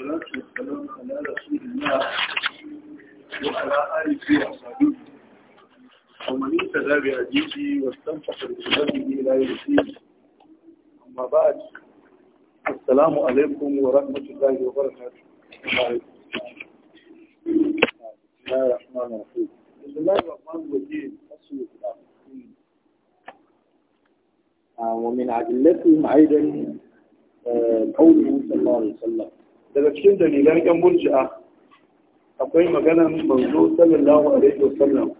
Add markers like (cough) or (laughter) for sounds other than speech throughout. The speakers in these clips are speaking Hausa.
وعلى آله ومن واستنفق أما بعد السلام عليكم ورحمة الله وبركاته بسم الله الرحمن الرحيم بسم الله الرحمن الرحيم ومن أدلتهم أيضا آه، قوله صلى الله عليه وسلم daga cikin dalilan yan murji'a akwai maganan manzo sallallahu alaihi wasallam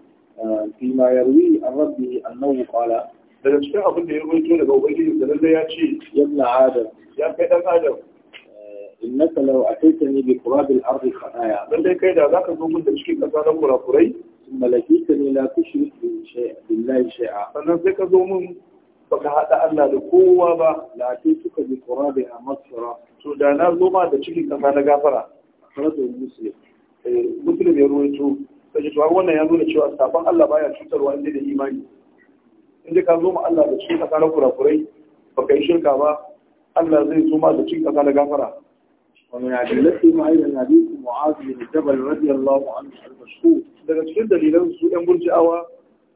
ah, fi ma yarwi an rabbi annahu qala daga cikin abin da ya rubuto daga ubangiji da lalle ya ce yabna adam ya kai dan adam ah, innaka law ataitani bi qurab al ardi khataya dai kai da zaka zo mun da cikin kasa na kurakurai thumma lakitani la tushrik bi shay'in billahi shay'a sannan sai ka zo mun baka hada Allah da kowa ba la ataituka bi qurabiha masra to da na zo ma da cikin kasa na gafara sanar da musulun musulun ya eh, to sai to wannan ya nuna cewa sabon Allah baya cutarwa inda da imani inda ka zo ma Allah da cikin kasa na kurakurai ba kai shirka ba Allah zai zo ma da cikin kasa na gafara ومن عدلته أيضا حديث معاذ بن جبل رضي الله عنه المشهور daga cikin dalilan su ‘yan burji'awa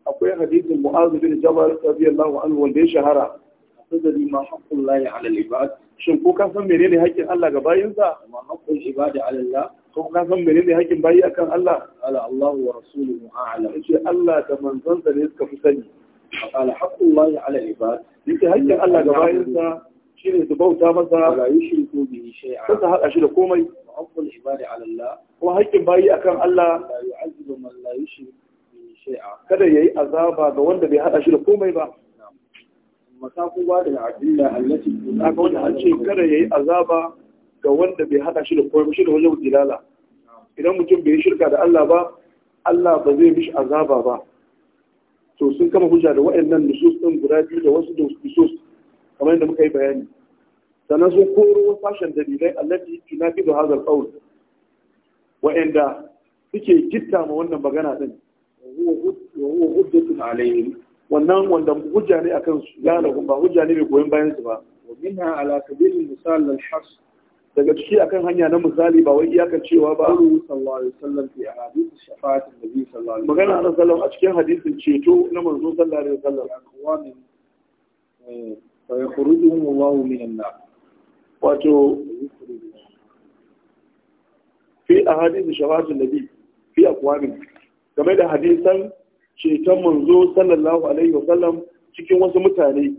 akwai hadisin mu'azu bin jabal radiyallahu anhu wanda ya shahara tadri ma haqqullahi 'ala al-ibad shin ko ka san menene haƙƙin Allah ga bayinsa ma ibadi ko ka san menene haƙƙin bayi akan Allah ala Allah wa rasuluhu a'lam Allah da manzonsa ne suka fi sani ala haqqullahi 'ala al-ibad yake haƙƙin Allah ga bayinsa shine su bauta masa la yushriku shay'a haɗa shi da komai haqqul ibadi haƙƙin bayi akan Allah la yu'azzibu man la shay'a kada yayi azaba ga wanda bai haɗa shi da komai ba masakuwa da adilla allati aka wanda an ce kada yayi azaba ga wanda bai hada shi da koyo shi da wajen dilala idan mutum bai shirka da Allah ba Allah ba zai mishi azaba ba to sun kama hujja da waɗannan nusus din guda biyu da wasu nusus kamar yadda muka yi bayani sannan sun koro fashin dalilai allati tunafidu hadha al-qawl Wa'yanda suke gitta ma wannan magana din wa huwa hujjatun alaihim wannan wanda hujja ne akan su ya lahum ba hujja ne mai goyon bayan su ba wa minha ala sabili misal al has daga ciki akan hanya na misali ba wai iyakar cewa ba Allahu sallallahu alaihi wasallam fi ahadith shafa'at annabi sallallahu alaihi wasallam magana sallallahu a cikin hadisin ceto na manzo sallallahu alaihi wasallam akwamin fa eh, yakhrujuhum Allahu min an-nar wato fi ahadith shafa'at annabi fi akwamin game da hadisan ceton manzo sallallahu alaihi wa sallam cikin wasu mutane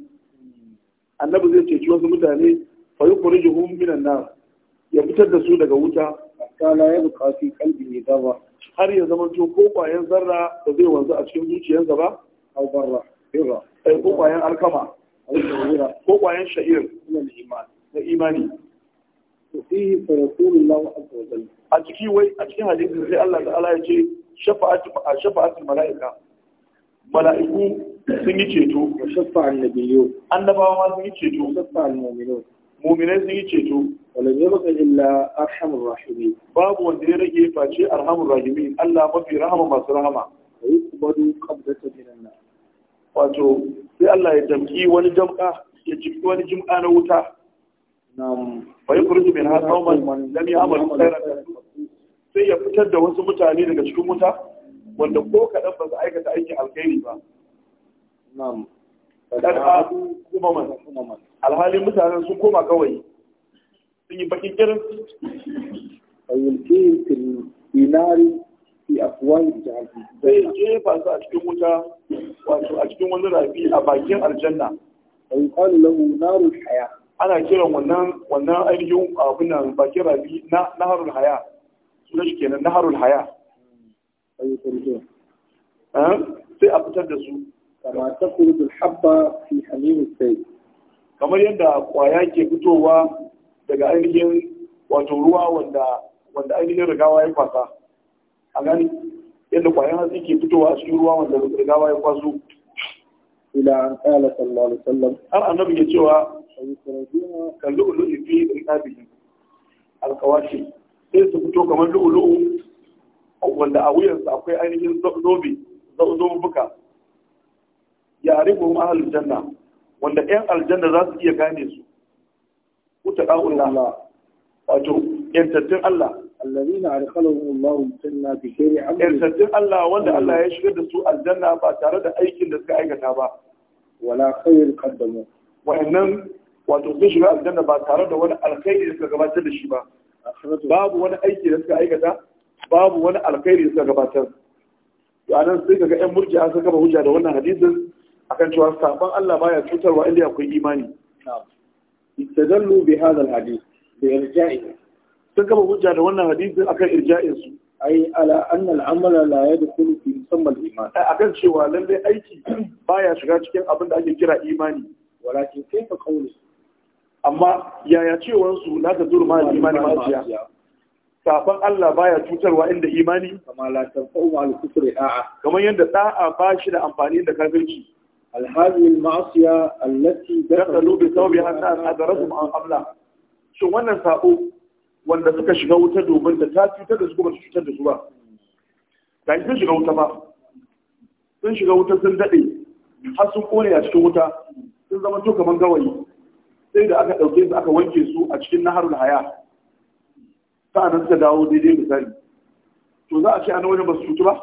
annabi zai ceci wasu mutane fa yukhrijuhum minan nar ya fitar da su daga wuta kala ya bukaci kalbi kalbi gaba har ya zama to ko kwayan zarra da zai wanzu a cikin zuciyarsa ba au barra birra eh, ko kwayan alkama ko kwayan sha'ir na imani fihi fa rasulullah azza wa jalla a ciki wai a cikin hadisin sai Allah ta'ala ya ce shafa'atu shafa'atul malaika mala'iku sun yi ceto wa shaffa annabawa ma sun yi ceto wa almu'minun mu'minai sun yi ceto illa arhamur rahimin babu wanda ya rage face arhamur rahimin Allah mafi rahama masu rahama wa yuqbadu qabdatan wato sai Allah ya damki wani jam'a ya jiki wani jim'a na wuta nam fa yukhruju min hadha qauman lam ya'malu khairan sai ya fitar da wasu mutane daga cikin wuta wanda ko kaɗan ba su aikata aikin alkhairi ba na'am kada kuma man alhalin mutanen sun koma kawai sun yi bakin kirin ayyulki fil inari fi afwal jahannam sai jefa su a cikin wuta wato a cikin wani rafi a bakin aljanna ay qal lahu narul haya ana kiran wannan wannan ainihin abin nan bakin rafi na naharul haya sunan shi kenan naharul haya sai a fitar da su kamar yadda kwaya ke fitowa daga ainihin wato ruwa wanda ainihin rigawa ya kwasa a gani yadda kwayan hatsi ke fitowa a cikin ruwa wanda rigawa ya kwaso ila an kala sallallahu sallam wasallam har annabi ya cewa kan ulu fi riqabihi alkawashi sai su fito kamar lu'ulu'u wanda a wuyansa akwai ainihin zobe zobuka ya arifu ma aljanna wanda ƴan aljanna za su iya gane su utaqaullah wato yantattun Allah allazina adkhalahum Allah janna bi ghairi amal yantattun Allah wanda Allah ya shigar da su aljanna ba tare da aikin da suka aikata ba wala khair qaddamu wa'annan wato sun shiga aljanna ba tare da wani alkhairi da suka gabatar da shi ba babu wani aiki da suka aikata babu wani alkhairi suka gabatar to anan sai kaga ƴan murji'a suka ba hujja da wannan hadisin akan cewa sabon Allah baya cutarwa inda akwai imani istadallu bi hadha alhadith bi irja'i sun kama hujja da wannan hadisin akan irja'in su ai ala anna al'amal la yadkhulu fi musamma al-iman akan cewa lalle aiki (clears throat) baya shiga cikin abin da ake kira imani walakin kaifa qawlu amma yaya su la tadur ma al iman ma Safan Allah baya cutarwa inda imani kama la tanfa'u al kufri da'a kamar yadda da'a ba shi da amfani da kafirci al hadhihi al ma'siya allati dakhalu bi sawbiha an adrakum an qabla shin wannan sabo wanda suka shiga wuta domin da ta cutar da su kuma cutar da su ba ga sun shiga wuta ba sun shiga wuta sun dade har sun kone a cikin wuta sun zama to kamar gawayi sai da aka dauke su aka wanke su a cikin naharul haya sa'annan suka dawo daidai misali to za a ce ana wajen ba su cutu ba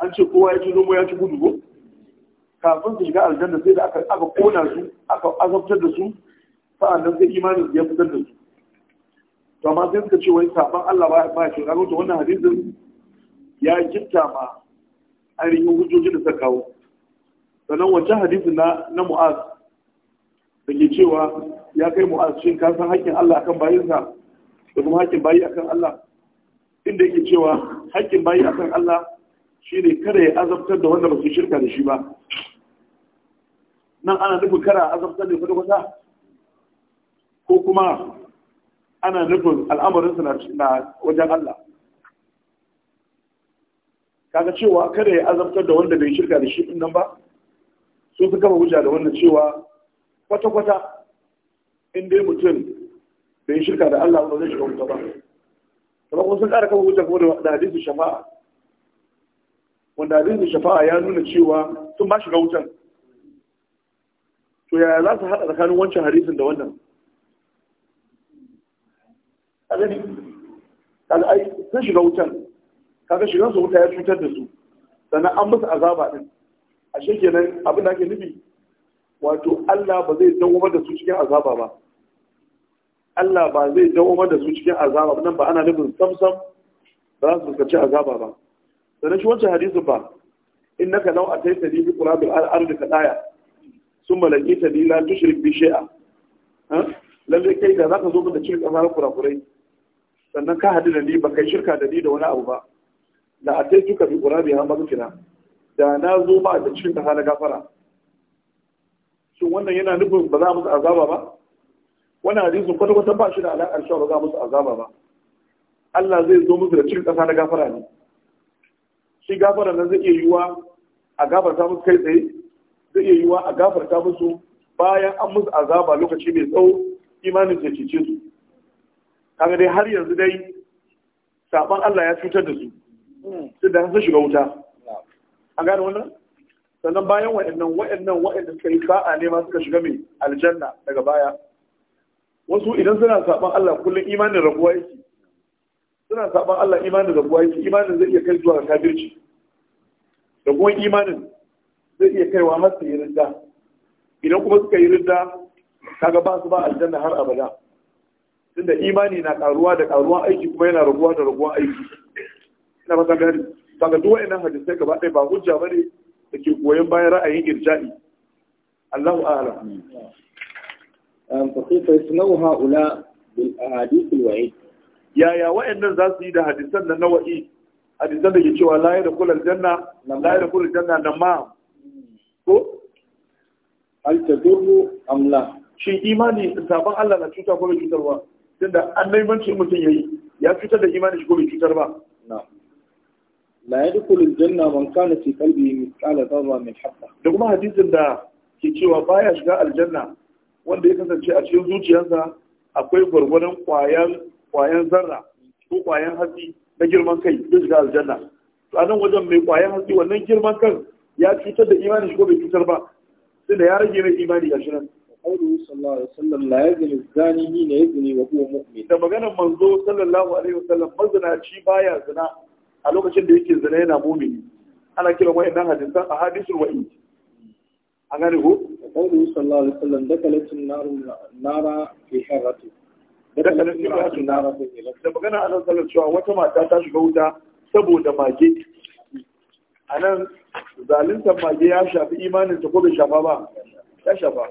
an ce kowa ya ci zomo ya ci gudu ko kafin su shiga aljanna sai da aka aka kona su aka azabtar da su sa'annan sai imanin su ya fitar da su to amma sai suka ce wai saban Allah ba ba ce kaga to wannan hadisin ya kitta ma ainihin hujjojin da suka kawo sannan wancan hadisin na na Mu'az da ke cewa ya kai Mu'az shin ka haƙƙin Allah akan bayinsa da kuma haƙƙin bayi akan Allah inda yake cewa haƙƙin bayi akan Allah shine kada ya azabtar da wanda ba su shirka da shi ba nan ana nufin kara azabtar da kwata-kwata ko kuma ana nufin al'amarinsa na wajen Allah kaga cewa kada ya azabtar da wanda bai shirka da shi nan ba sun fi kama wuja da wannan cewa kwata-kwata in dai mutum bai yi shirka da Allah ba zai shiga wuta ba kuma kun sun ƙara kan wuta kuma da hadisi shafa'a wanda hadisi shafa'a ya nuna cewa sun ba shiga wutan to yaya za su haɗa tsakanin wancan hadisin da wannan A gani kaga ai sun shiga wutan kaga shigan su wuta ya cutar da su sannan an musu azaba din ashe kenan abin da ake nufi wato Allah ba zai dawo da su cikin azaba ba Allah ba zai dawoma da su cikin azaba nan ba ana nufin samsam ba za su kace azaba ba sannan shi wancan hadisi ba innaka law ataita li bi qurab al-ardi kadaya thumma laqita li la tushrik bi shay'a lalle kai da zaka zo da cikin azaba kurakurai sannan ka hadu da ni ba kai shirka da ni da wani abu ba la ataituka bi ya ha kina da na zo ba da cikin azaba na gafara shin wannan yana nufin ba za mu azaba ba wannan hadisin kwata-kwata ba shi da alaƙar cewa ba za musu azaba ba Allah zai zo musu da cikin ƙasa na gafara ne shi gafara nan zai iya yiwuwa a gafarta musu kai tsaye zai iya yiwuwa a gafarta musu bayan an musu azaba lokaci mai tsawo imanin ta cece su kaga dai har yanzu dai saban Allah ya cutar da su sai da sun shiga wuta a gane wannan sannan bayan wa'annan wa'annan da suka yi sa'a ne ma suka shiga mai aljanna daga baya wasu idan suna saban Allah kullum imanin rabuwa yake suna saban Allah imanin rabuwa yake imanin zai iya kai zuwa ga kafirci da kuma imanin zai iya kaiwa har su yi ridda idan kuma suka yi ridda kaga ba su ba aljanna har abada tunda imani na karuwa da karuwa aiki kuma yana rabuwa da rabuwa aiki ina fata gani kaga duk wa'annan hadisai gaba ɗaya ba hujja bane da ke koyon bayan ra'ayin irja'i Allahu a'lam فكيف يسمع هؤلاء بالأحاديث الوعيد يا يا وإن ذا سيد حديثنا نوعي hadisan da ke cewa la ya da kula janna la ya da kula janna da ma ko hal tadurru am la shi imani sabon Allah na cuta ko bai cutar ba tunda annaibancin mutum yayi ya cutar da imani shi ko bai cutar ya da kula janna man kana fi qalbi mithqala dharra min habba da kuma hadisin da ke cewa baya shiga aljanna wanda ya kasance a cikin zuciyarsa akwai gwargwadon kwayan zarra ko kwayan hatsi na girman kai zai shiga aljanna to a nan wajen mai kwayan hatsi wannan girman kan ya cutar da imani shi ko bai cutar ba sai da ya rage mai imani ga shi nan qawluhu sallallahu alaihi wasallam la yazni zani hina yazni wa huwa mu'min da maganar manzo sallallahu alaihi wasallam mazinaci baya zina a lokacin da yake zina yana mumini ana kiran wa'annan hadisan ahadithul wa'id a gane ko qawli sallallahu alaihi wasallam dakalat an nara da magana Allah sallallahu cewa wata mata ta shiga wuta saboda mage nan, zaluntar mage ya shafi imanin ta ko bai shafa ba ya shafa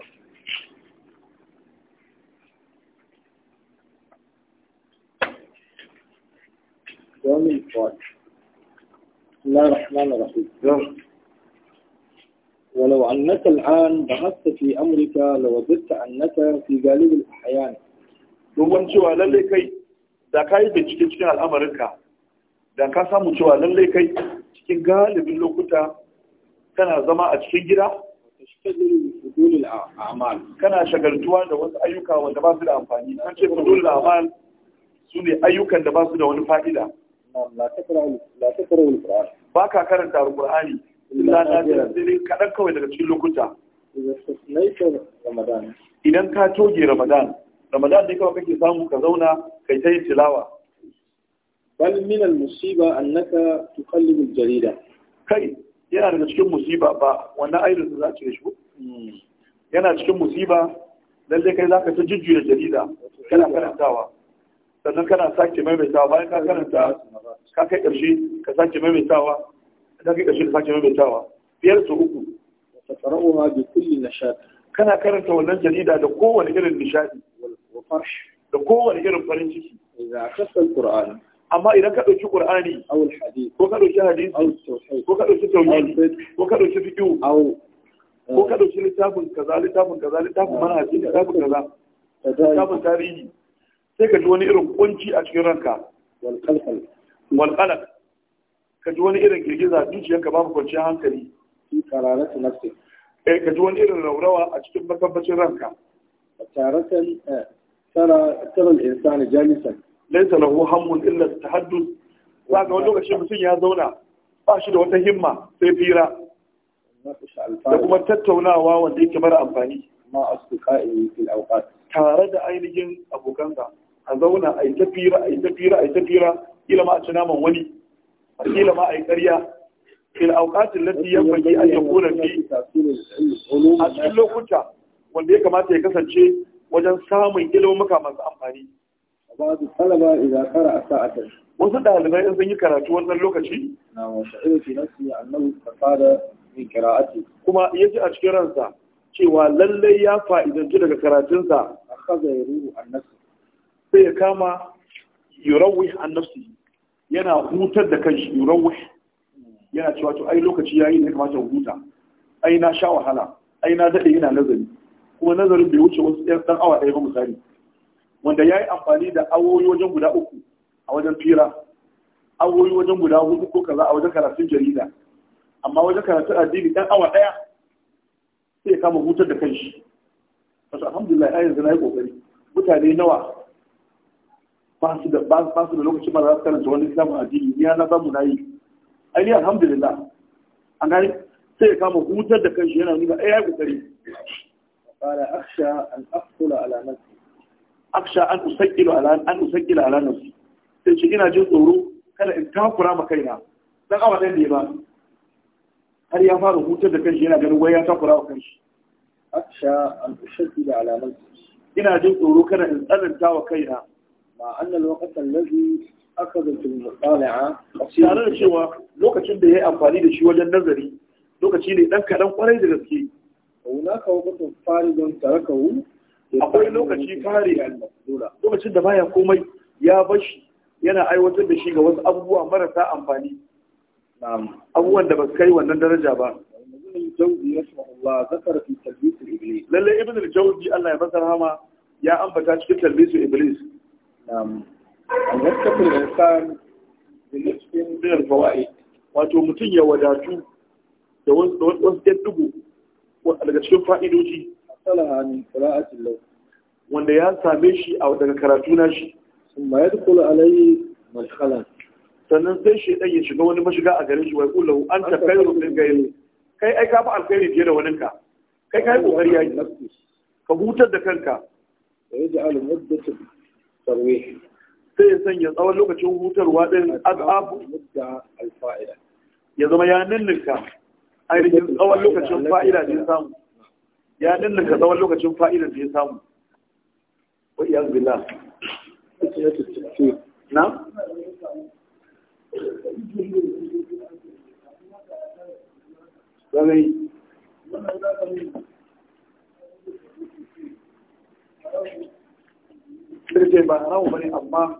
يوم الفاتح بسم الله الرحمن ولو أنك الآن بحثت في أمريكا لوجدت أنك في غالب الأحيان ruwan cewa lallai kai da ka yi bincike cikin al'amarinka da ka samu cewa lallai kai cikin galibin lokuta kana zama a cikin gida kana shagaltuwa da wasu ayyuka wanda ba su da amfani an ce fudulul amal su ne ayyukan da ba su da wani fa'ida ba ka karanta alƙur'ani illa nadiran sai dai kaɗan kawai daga cikin lokuta idan ka toge ramadan ramadan ne kawai kake samu ka zauna kai ta yin tilawa bal min al musiba annaka tuqallibu al jarida kai yana daga cikin musiba ba wannan ayyukan da za a cire shi hmm. yana cikin musiba Lallai kai zaka ta jujjuya jarida kana karantawa sannan kana sake maimaitawa bayan ka karanta ka kai ƙarshe ka sake maimaitawa da kika kana karanta wannan jarida da kowane irin nishadi da kowane irin farin ciki amma idan ka ɗauki ƙur'ani ko ka ɗauki hadisi ko ka ɗauki tauhidi ko ka ɗauki fiqh ko ka ɗauki littafin kaza littafin kaza littafin manhaji littafin kaza littafin tarihi sai ka ji wani irin kunci a cikin ranka wal qalq ka ji wani irin girgiza zuciyarka babu kwanciyar hankali fi eh ka ji wani irin raurawa a cikin matabbacin ranka taratan eh, tara tara al-insani jalisan laysa lahu hammun illa at-tahadduth za ga wani lokacin mutum ya zauna ba shi da wata himma sai fira da kuma tattaunawa wanda yake mara amfani ma asdiqa'i fil awqat tare da ainihin abokanka, a zauna a yi tafira a yi tafira a yi tafira ila ma a ci naman wani akila ma ai ƙarya fil auqatin lati yanbaghi an yakuna fi a cikin lokuta wanda ya kamata ya kasance wajen samun ilimuka masu amfani ba'du talaba idza qara'a sa'atan wasu dalibai in sun yi karatu wannan lokaci na wa sha'iru fi nafsi annahu min qira'ati kuma yaji a cikin ransa cewa lallai ya fa'idanci daga karatunsa akhadha yuru an nafsi sai ya kama yurawi an nafsi yana hutar da kanshi yurawih yana cewa to ai lokaci yayi ne kamata huta ai na sha wahala ai na dade yana nazari kuma nazarin bai wuce wasu ɗan awa ɗaya ba misali wanda ya yi amfani da awoyi wajen guda uku a wajen fira awoyi wajen guda hudu ko kaza a wajen karatun jarida amma wajen karatun addini ɗan awa ɗaya sai ya kama hutar da shi wasu alhamdulillah ayin na yi ƙoƙari mutane nawa ba su da lokacin ba za su karanta wani littafin addini ni na samu na yi ai alhamdulillah an gani sai ya kama hutar da kanshi yana nuna ai eh, ya kokari qala akhsha an aqtula ala nafsi akhsha an usaqqilu ala an usaqqilu ala nafsi sai shi ina jin tsoro kada in takura ma kaina dan awa dan da ba har ya fara hutar da kanshi yana ganin wai ya takura wa kanshi akhsha an usaqqilu ala nafsi ina jin tsoro kada in tsananta wa kaina ma annal waqtan aka akhadha fil mutala'a tare da cewa lokacin da yayi amfani da shi wajen nazari lokaci ne dan kadan kwarai da gaske hunaka waqtun faridun tarakahu akwai lokaci fari lokacin da baya komai ya bashi yana aiwatar da shi ga wasu abubuwa marasa amfani abubuwan da ba su kai wannan daraja ba lallai ibn al-jawzi Allah ya masa rahama ya ambata cikin talbisu iblis Al-Maskafin Insan Bilisbin Binar Bawa'i, wato mutum ya wadatu da wasu ɗaɗɗugu daga cikin fa'idoji. Salaha min qira'atin law. Wanda ya same shi a daga karatu na shi. Sun ma yadkhulu alayhi madkhalan. Sannan sai shi dan ya shiga wani mashiga a garin shi wai kullu an ta khairu min ghayri. Kai ai ka fi alkhairi fiye da waninka. Kai kai kokari yayi. Ka hutar da kanka. Ya ji al-muddatu tarwih sai ya sanya tsawon lokacin hutarwa ɗin azabu da alfa'ida ya zama ya ninninka ainihin tsawon lokacin fa'ida da ya samu ya ninninka tsawon lokacin fa'ida da ya samu wa iyaz billah na Zagayi. Thank you. لكن ما أنا وبني أمام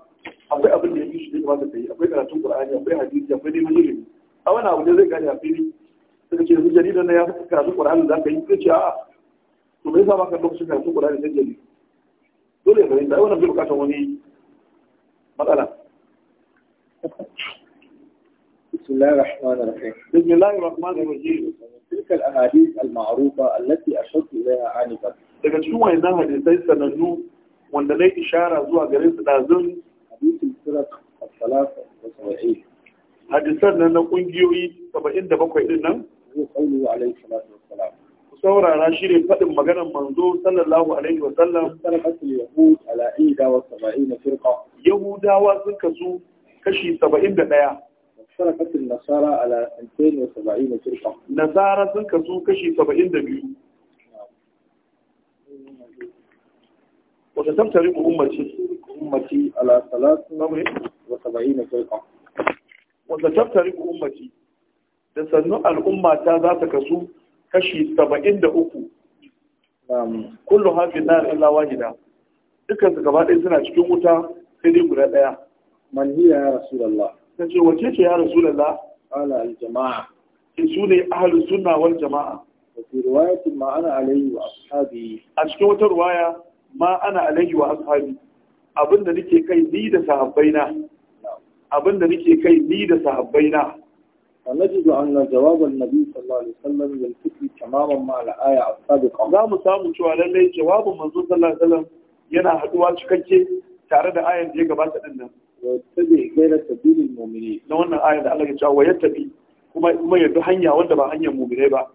أبي أبن يجي شديد ما تبي أبي أنا تقول القرآن أبي حديث أبي دين مجيب أبى أنا أبو جزء قال يا بني لكن من جديد أنا يا أخي كلام القرآن ده كي يكفي جاء ثم إذا ما كان لوكس كلام القرآن ده جديد دول يا بني أبى أنا بقول كاتوني ما قال بسم الله الرحمن الرحيم بسم الله الرحمن الرحيم تلك الأحاديث المعروفة التي أشرت إليها عنك لكن شو هي نهج سيدنا نوح wanda na ishara zuwa garin su dazun? hadisin sirat salasa da saba'i hadisan nan na ƙungiyoyi saba'in da bakwai ɗin nan zai kaulu alaihi salatu wassalam ku saurara shi ne faɗin maganar manzo sallallahu alaihi wasallam sarakatul yahud ala ida wa saba'ina firqa yahudawa sun kasu kashi saba'in da ɗaya sarakatul nasara ala antain wa saba'ina firqa nasara sun kasu kashi saba'in da biyu wata tamtari ku ummaci ummati ala salatu namri wa saba'ina firqa wata tamtari ku ummaci da sannu al'umma za ta kasu kashi saba'in da uku kullu hafi na illa wahida dukkan su gaba ɗaya suna cikin wuta sai dai guda ɗaya man hiya ya rasulullah ta ce wace ce ya rasulullah ala jamaa su ne jama'a ana a cikin wata riwaya ma ana alaihi wa ashabi abinda nake kai ni da sahabbaina abinda nake kai ni da sahabbaina فنجد أن جواب النبي صلى الله عليه وسلم يلتقي تماما مع الآية السابقة. لا مسام شو على لي جواب من صلى الله عليه وسلم ينا هدوات شكتشي تعرض آية دي قبات لنا. ويتبع غير سبيل المؤمنين. آية جاء ويتبع كما يدو مؤمنين بقى.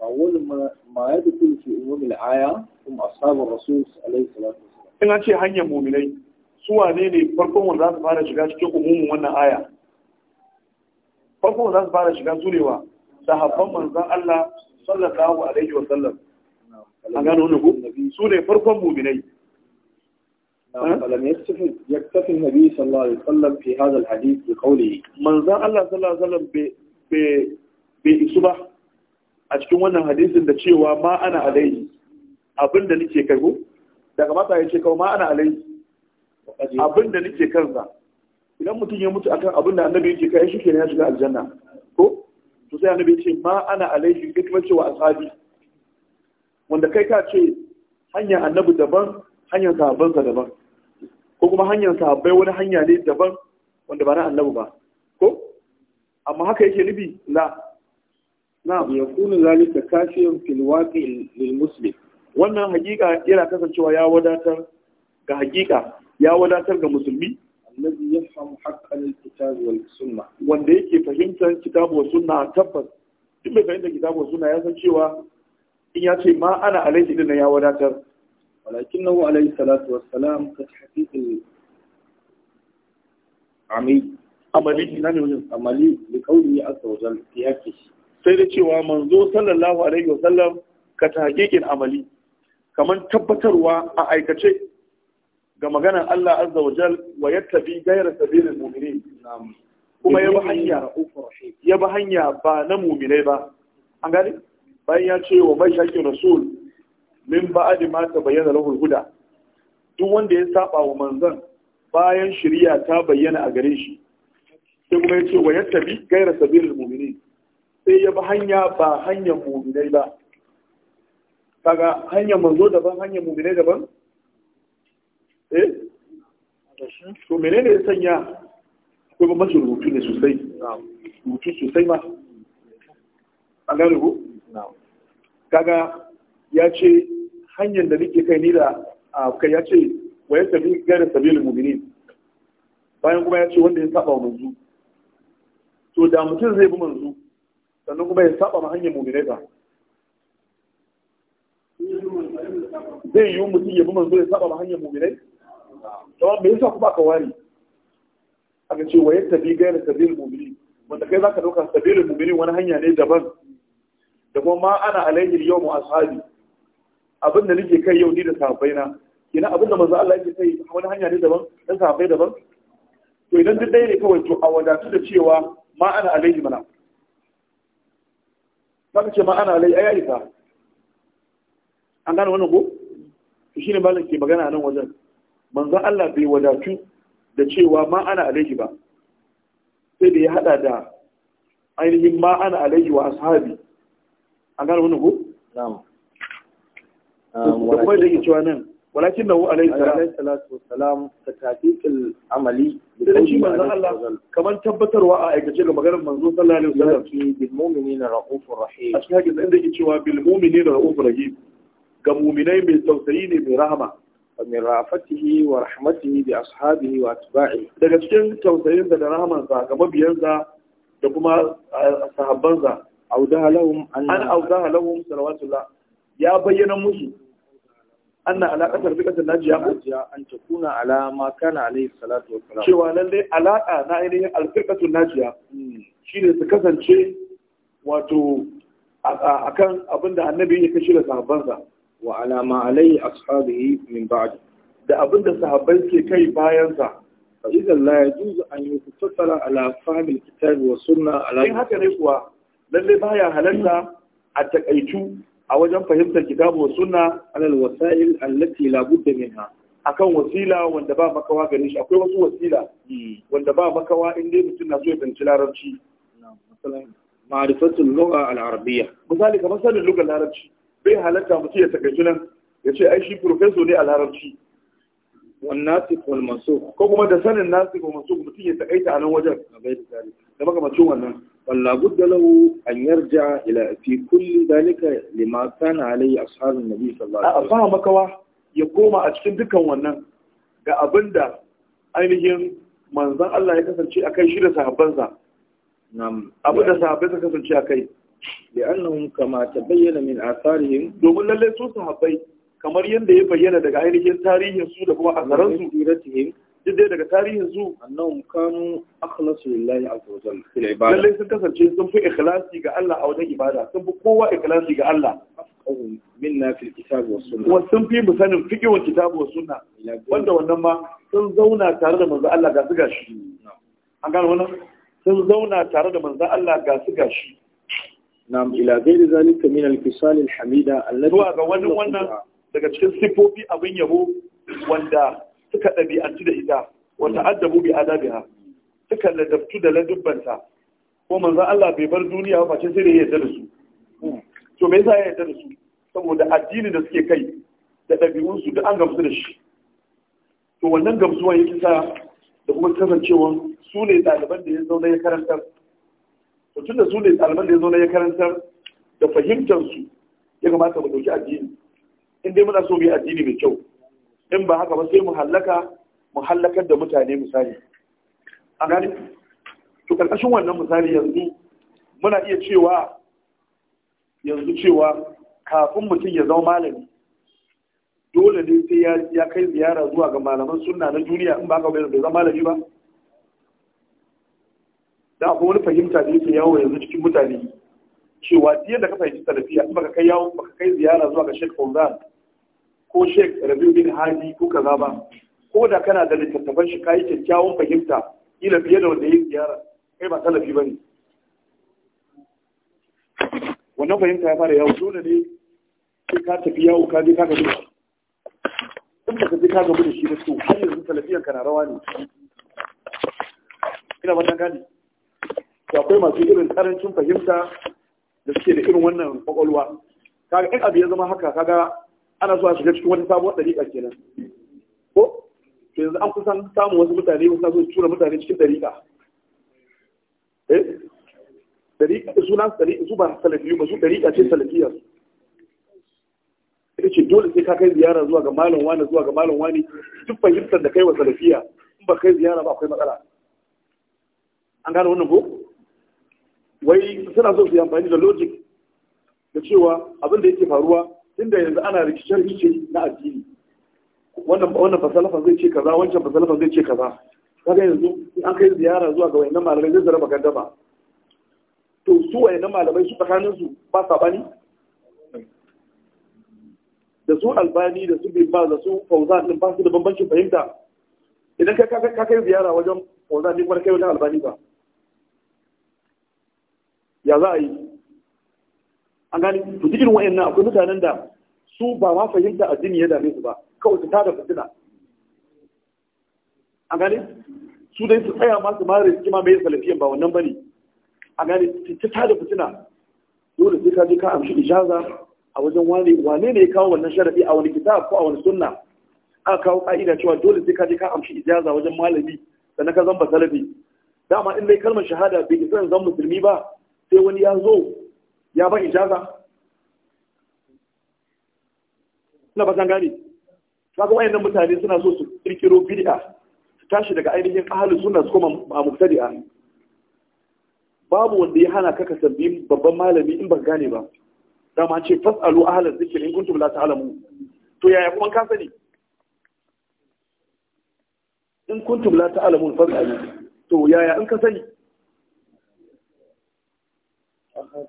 awwal ma ya dukul fi umumil aya kuma ashabul rasul alaihi salatu in an ce hanyar mu'minai su wane ne farkon wanda za su fara shiga cikin umumin wannan aya farkon wanda za su fara shiga su wa sahabban manzon Allah sallallahu alaihi wa sallam an gano wannan ku farkon mu'minai فلم يكتفي يكتفي النبي صلى الله عليه وسلم في هذا الحديث بقوله من ذا الله صلى الله عليه وسلم ب ب a cikin wannan hadisin da cewa ma ana alaihi abin da nake kai ko daga mata ya ce kawai ma ana alaihi abin da nake kansa idan mutum ya mutu akan abin da annabi yake kai shi kenan ya shiga aljanna ko to sai annabi ya ce ma ana alaihi duk mace wa ashabi wanda kai ka ce hanyar annabi daban hanyar sahabbansa daban ko kuma hanyar sahabbai wani hanya ne daban wanda ba na annabi ba ko amma haka yake nubi la na'am yakunu zalika kafiyun fil waqi' lil muslim wannan hakika yana kasancewa ya wadatar ga hakika ya wadatar ga musulmi allazi yafhamu haqqan al-kitab wal sunnah wanda yake fahimtar kitabu wa sunna tabbas duk mai fahimtar kitabu wa sunna ya san cewa in ya ce ma ana alaihi din ya wadatar walakinahu alaihi salatu wassalam ka tahqiqil amali amali na ne wajen amali bi qawli azza wa jalla yake sai da cewa manzo sallallahu alaihi wasallam ka hakikin amali kaman tabbatarwa a aikace ga maganar Allah azza wa jal wa yattabi ghayra sabilil mu'minin kuma ya hanya ya ba hanya ba na mu'minai ba an gani bayan ya ce wa bai shaki rasul min ba'di ma bayyana lahu huda duk wanda ya saba wa manzon bayan shari'a ta bayyana a gare shi sai kuma ya ce wa yattabi ghayra sabilil mu'minin sai ya bi hanya ba hanyar muminai ba kaga hanyar manzo daban hanyar muminai daban eh to menene ya sanya akwai bambancin rubutu ne sosai rubutu sosai ma a gane ku kaga ya ce hanyar da nake kai ni da kai ya ce wa ya tafi gane sabilin muminin bayan kuma ya ce wanda ya saba wa manzo to da mutum zai bi manzo sannan kuma ya saba ma hanyar mu'minai ba zai yi mutum ya bi manzo ya saba ma hanyar mu'minai to me yasa kuma aka wari aka ce wa yattabi da sabirin mu'minin wanda kai za ka dauka sabirin mu'minin wani hanya ne daban da kuma ma ana yau mu ashabi abin da nake kai yau ni da sahabbai na Ina abin da manzo Allah yake kai wani hanya ne daban dan sahabbai daban to idan duk dai ne kawai to a wadatu da cewa ma ana alaihi mana ka ce ma ana lai yayi isa an gane wannan ko shi ne malam ke magana a nan wajen manzon Allah bai wadatu da cewa ma ana alaihi ba sai da ya hada da ainihin ma ana alaihi wa ashabi an gane wannan ko na'am um, da kuma da yake cewa nan walakin nahu alaihi salatu wassalam ta tafiqil amali da shi Allah kaman tabbatarwa a aikace ga maganar manzo sallallahu alaihi wasallam bil mu'minina raufur rahim a cikin hadisi inda yake cewa bil mu'minina raufur ga mu'minai mai tausayi ne mai rahama min rafatihi wa rahmatihi bi ashabihi wa atba'i daga cikin tausayin da rahamansa ga mabiyansa da kuma sahabbansa audaha lahum an ya bayyana musu anna alaƙatar bikatin najiya najiya an ta kuna alama kana alaihi salatu wa salam cewa lalle alaƙa na ainihin alfirƙatun najiya shine su kasance wato akan abin da annabi ya kashi da sahabbansa wa alama alaihi ashabihi min ba'd da abin da sahabbai ke kai bayansa idan la yajuzu an yutasala ala fahmi alkitabi wa sunna ala in haka ne kuwa lalle baya halarta a takaitu a wajen fahimtar kitabu wa sunna alal wasa'il allati la budda minha akan wasila wanda ba makawa gare shi akwai wasu wasila wanda ba makawa in dai mutum na zuwa ya fahimci larabci ma'rifatul lugha al-arabiyya misali kamar sanin lugar larabci bai halatta mutum ya saka nan ya ce ai shi professor ne a larabci والناسخ والمنسوخ ko kuma da sanin nasikh wa mansukh mutum ya takaita a nan wajen da makamacin wannan ولا بد له أن يرجع إلى في كل ذلك لما كان عليه أصحاب النبي صلى الله عليه وسلم أصحاب مكوا يقوم أتكن ga abin da ainihin manzan Allah ya kasance a kai shi da sahabbansa abin da sahabbai kasance a kai li'annahum kama tabayyana min atharihim domin lalle su sahabbai kamar yadda ya bayyana daga ainihin tarihin su da kuma asaran su duk dai daga tarihin su annahum kanu akhlasu lillahi azza wa jalla fil ibada lalle sun kasance sun fi ikhlasi ga Allah a wajen ibada sun fi kowa ikhlasi ga Allah minna fil kitab was sunna wa sun fi musanin fiqhul kitab was sunna wanda wannan ma sun zauna tare da manzo Allah ga su gashi an gano wannan sun zauna tare da manzo Allah ga su gashi nam ila ghairi zalika min al-kisal al-hamida allati wa ga wannan wannan daga cikin sifofi abin yabo wanda suka ɗabi'antu da ita wa ta'addabu bi adabiha suka ladabtu da ladubbanta ko manzo Allah bai bar duniya ba ce sai ya yarda da su to me yasa ya yarda da su saboda addini da suke kai da ɗabi'un su da an gamsu da shi to wannan gamsuwa yake sa da kuma kasancewa su ne ɗaliban da ya zauna ya karantar to tunda su ne ɗaliban da ya zauna ya karantar da fahimtar su ya kamata mu ɗauki addini in dai muna so mu yi addini mai kyau in ba haka ba sai mu hallaka mu hallakar da mutane misali a gani to karkashin wannan misali yanzu muna iya cewa yanzu cewa kafin mutum ya zama malami dole ne sai ya kai ziyara zuwa ga malaman sunna na duniya in ba ka bai zama malami ba da akwai wani fahimta da yake yawo yanzu cikin mutane cewa jiya da ka fahimci salafiya in baka kai yawo baka kai ziyara zuwa ga Sheikh Fauzan ko sheik rabiu bin hadi ko kaza ba ko da kana da littattafan shi kai kyakkyawan fahimta ila fiye da wanda yin ziyara kai ba talafi ba ne wannan fahimta ya fara yawo dole ne sai ka tafi yawo ka je ka gabu in ka je ka ga da shi ba su har yanzu talafiyan ka na rawa ne ina wannan gani to akwai masu irin karancin fahimta da suke da irin wannan kwakwalwa kaga in abu ya zama haka kaga ana so a shiga cikin wata sabuwar ɗariƙa kenan ko to yanzu an kusan samun wasu mutane wasu so tura mutane cikin ɗariƙa eh ɗariƙa suna ɗariƙa su ba salafiyu ba su ɗariƙa ce salafiyar ita ce dole sai ka kai ziyara zuwa ga malam wani zuwa ga malam wani duk fahimtar da kai wa salafiya in ba kai ziyara ba akwai matsala an gane wannan ko wai suna so su yi amfani da logic da cewa abin da yake faruwa tunda yanzu ana rikice-rikice na addini wannan wannan fasalafa zai ce kaza wancan fasalafa zai ce kaza kaga yanzu in an kai ziyara zuwa ga wayannan malamai zai zara bakan daba to su wayannan malamai su tsakanin su ba sabani da su albani da su bimba da su fauza din ba su da bambancin fahimta idan ka ka kai ziyara wajen fauza din kuma kai wajen albani ba ya za a yi an gani to cikin wayannan akwai mutanen da su ba ma fahimta addini ya dame su ba kawai su tada fitina an gani su dai su tsaya masu mare su kima mai salafiyan ba wannan bane an gani su ta tada fitina dole sai ka je ka amshi ijaza a wajen wane wane ne ya kawo wannan sharadi a wani kitab ko a wani sunna a kawo ka'ida cewa dole sai ka je ka amshi ijaza wajen malami sannan ka zamba salafi dama in dai kalmar shahada bai isa zan musulmi ba sai wani ya zo ya ba ijaza na ba san gane kaga wayannan mutane suna so su kirkiro bid'a su tashi daga ainihin ahlus sunna su koma mubtadi'a babu wanda ya hana kaka sabbin babban malami in ba gane ba dama ce fasalu ahlal zikr in kuntum la ta'lamu to yaya kuma ka sani in kuntum la ta'lamu fasalu to yaya in ka sani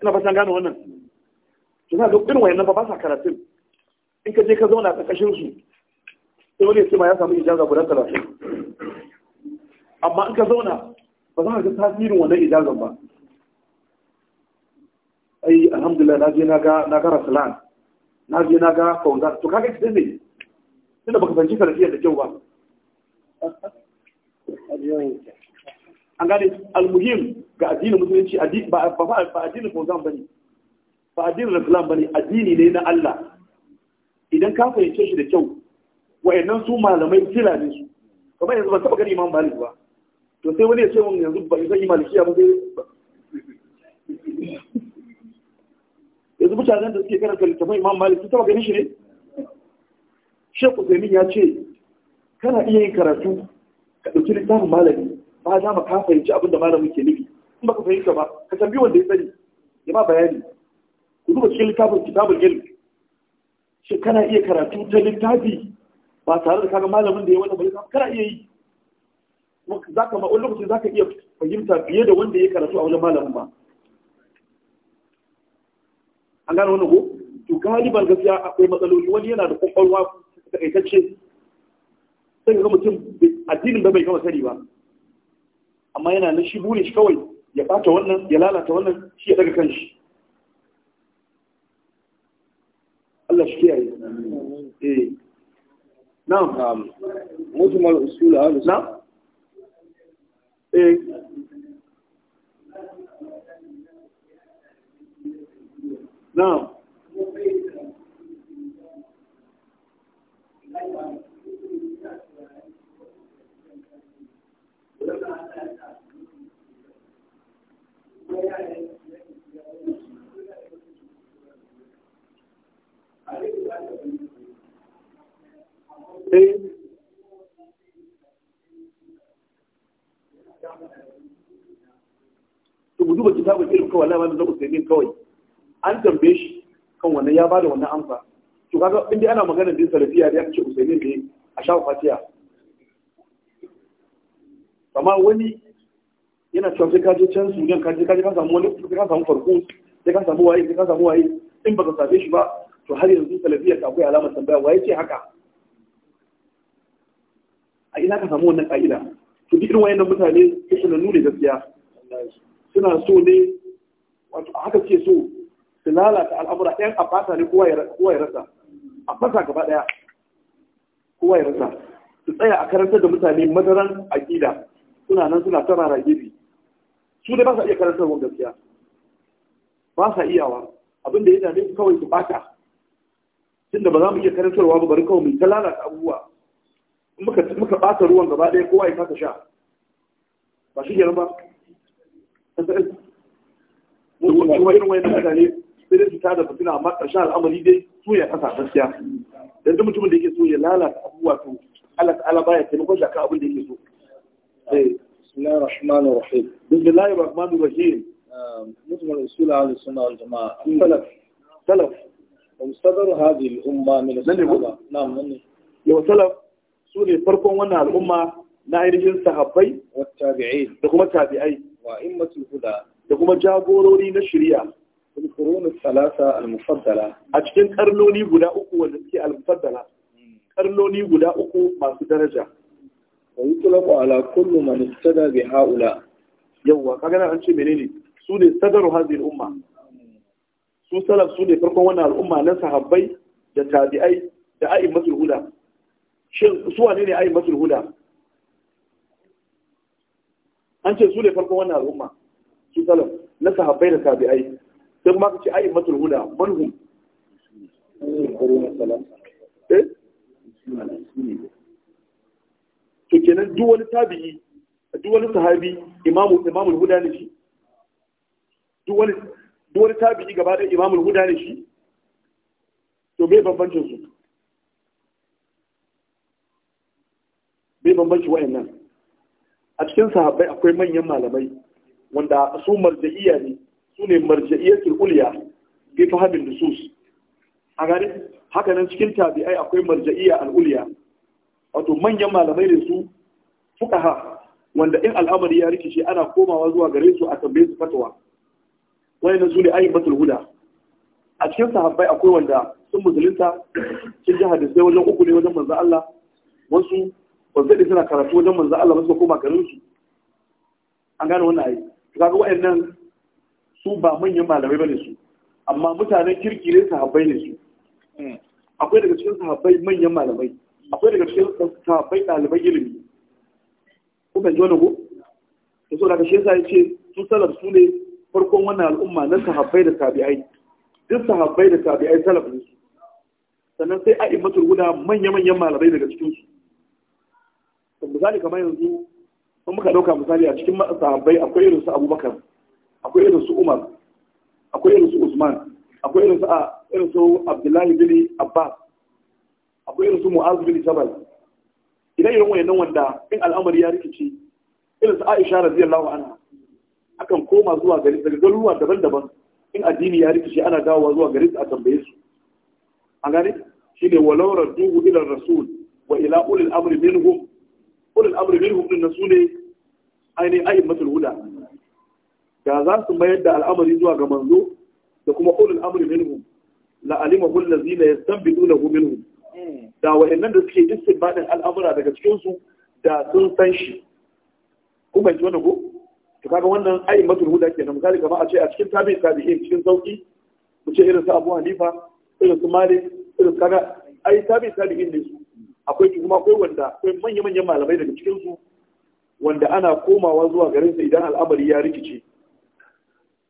ina fasan gane wannan to na ga irin wayannan ba ba sa karatun in ka je ka zauna a kashin su sai wani ya ce ma ya samu ijaza guda talatin amma in ka zauna ba za ka ga tasirin wannan ijazan ba ai alhamdulillah na je na ga na ga rasulan na je na ga fauzan to kaga kidan ne tunda baka fahimci karfiyar da kyau ba an gane almuhim ga addinin musulunci ba ba addinin ba bane ba addinin Islam bane addini ne na Allah idan ka fahimce shi da kyau wayannan su malamai sila ne su kamar yanzu ba taba gani Imam Malik ba to sai wani ya ce mun yanzu ba zan yi malikiya ba sai yanzu mutanen da suke karanta littafin Imam Malik su taba gani shi ne Sheikh Min ya ce kana iya yin karatu ka ɗauki littafin malami ba za mu ka fahimci abin da malamin ke nufi in baka fahimta ba ka tambi wanda ya sani ya ba bayani ku duba cikin littafin kitabul ilm shi kana iya karatu ta littafi ba tare da kaga malamin da ya wata bai kana iya yi za ka ma'ul lokaci za ka iya fahimta fiye da wanda ya karatu a wajen malamin ba an gane wani ko to galiban gaskiya akwai matsaloli wani yana da kwakwalwa takaitacce sai ga mutum addinin da bai gama sani ba amma yana nan shi burin shi kawai ya bata wannan ya lalata wannan shi ya daga kanshi Allah shi kiyaye eh na'am usul na'am eh na'am Thank you. Eh, ta kitabul irin kawai da malamin Usaimin kawai an tambaye shi kan wannan ya ba da wannan amsa to kaga in dai ana magana din salafiya da ake Usaimin ne a shafa fatiya amma wani yana cewa sai ka can su yan je ka kan samu wani sai kan samu farko sai kan samu waye sai kan samu waye in baka same shi ba to har yanzu salafiya ta akwai alamar tambaya waye ce haka a ina ka samu wannan ka'ida to duk irin wayannan mutane suna nuna gaskiya suna so ne wato haka ce so su lalata al'amura ɗayan a fata ne kowa ya rasa a fata gaba ɗaya kowa ya rasa su tsaya a karantar da mutane madaran aƙida suna nan suna tara gefe su dai ba sa iya karantar wani gaskiya ba sa iyawa abin da ya dame su kawai su bata da ba za mu iya karantarwa ba bari kawai mu ta lalata abubuwa muka muka bata ruwan gaba ɗaya kowa ya kasa sha ba shi kenan ba kuma irin wani mutane sai dai su tada fitina amma ƙarshen al'amari dai su ya kasa gaskiya dan duk mutumin da yake so ya lalata abubuwa to Allah ta'ala baya taimakon shi abin da yake so eh. بسم الله الرحمن الرحيم بسم الله الرحمن الرحيم مجمل أصول أهل السنة والجماعة السلف سلف ومستدر هذه الأمة من الصحابة نعم من يو سلف سوري فرقون وانا الأمة نعرج الصحابي والتابعين لكم التابعين وأئمة الهدى لكم جابوروني نشريا القرون الثلاثة المفضلة أجل قرنوني غدا أكو والنسكي المفضلة قرنوني غدا أكو ما درجة wa yutlaqu ala kulli man istada bi haula yawa kaga an ce menene su ne sadaru hadhihi umma su salaf su ne farkon wannan al'umma na sahabbai da tabi'ai da a'immatul huda shin su wane ne a'immatul huda an ce su ne farkon wannan al'umma su salaf na sahabbai da tabi'ai sai kuma ka ce a'immatul huda manhum eh to kenan duk wani tabi'i duk wani sahabi imamu imamul huda ne shi duk wani duk wani tabi'i gaba da imamul huda ne shi to bai bambancin su bai bambanci wayannan a cikin sahabbai akwai manyan malamai wanda su marja'iya ne su ne marja'iyatul ulya bi fahimin nusus a gare haka nan cikin tabi'ai akwai marja'iya al-ulya wato manyan malamai da su ha, wanda in al'amari ya rikice ana komawa zuwa gare su a tambaye su fatawa wani na zuri ayin batul huda a cikin sahabbai akwai wanda sun musulunta sun ji sai wajen uku ne wajen manzo Allah wasu wanda da suna karatu wajen manzo Allah ba su koma garin su an gane wannan ayi kaga wayannan su ba manyan malamai bane su amma mutanen kirki ne sahabbai ne su hmm. akwai daga cikin sahabbai manyan malamai akwai daga cikin sahabbai ɗaliban ilimi ko ban ji wani ku? da so daga shi yasa ya ce su salaf su ne farkon wannan al'umma na sahabbai da tabi'ai duk sahabbai da tabi'ai salaf ne su sannan sai a'immatul huda manya-manyan malamai daga cikin su to misali kamar yanzu in muka dauka misali a cikin sahabbai akwai irin su Abubakar akwai irin su Umar akwai irin su Usman akwai irin su irin su Abdullahi bin Abbas akwai irin su mu'azu bin jabal idan irin wayannan wanda in al'amari ya rikici irin su aisha radiyallahu anha akan koma zuwa gari daga garuruwa daban-daban in addini ya rikici ana dawowa zuwa gari a tambaye su an gane shine walau radduhu ila rasul wa ila ulil amri minhum ulil amri minhum din nasu ne ainihin ayyukan huda da za su mayar da al'amari zuwa ga manzo da kuma ulil amri minhum la alimahu allazina yastanbitunahu minhum da wa'annan da suke istinbadin al'amura daga cikinsu da sun san shi kun bai wannan ku to kaga wannan ayi matul huda kenan misali kamar a ce a cikin tabi tabi'in cikin sauki mu ce irin su Abu Hanifa irin su Malik irin kaga ai tabi tabi'in ne su akwai kuma akwai wanda akwai manya manyan malamai daga cikinsu wanda ana komawa zuwa garin sa idan al'amari ya rikice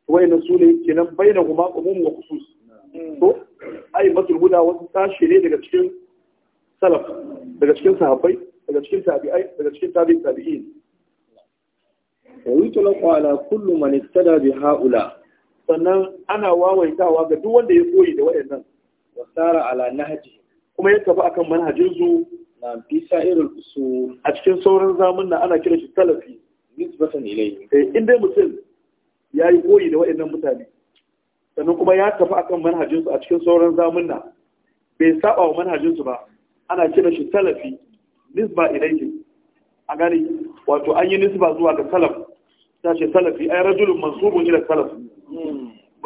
wayannan su ne kenan kuma umum wa khusus to hmm. ai matul wasu tashi ne daga cikin salaf daga cikin sahabbai daga cikin tabi'ai daga cikin tabi'in tabi'in wa yutlaqu ala kullu man ittada bi haula sannan ana wawaitawa ga duk wanda ya koyi da wayannan wa sara ala nahji kuma ya tafi akan manhajin zu na fi sa'irul usul a cikin sauran zamanin ana kira shi salafi nisbatan ilayhi eh, in dai mutum ya yi koyi da wayannan mutane sannan kuma ya tafi akan manhajinsu a cikin sauran zamunna bai saba wa manhajinsu ba ana kira shi salafi nisba ilayhi a gani wato an yi nisba zuwa ga salaf ta ce salafi ai rajulun mansubun ila salaf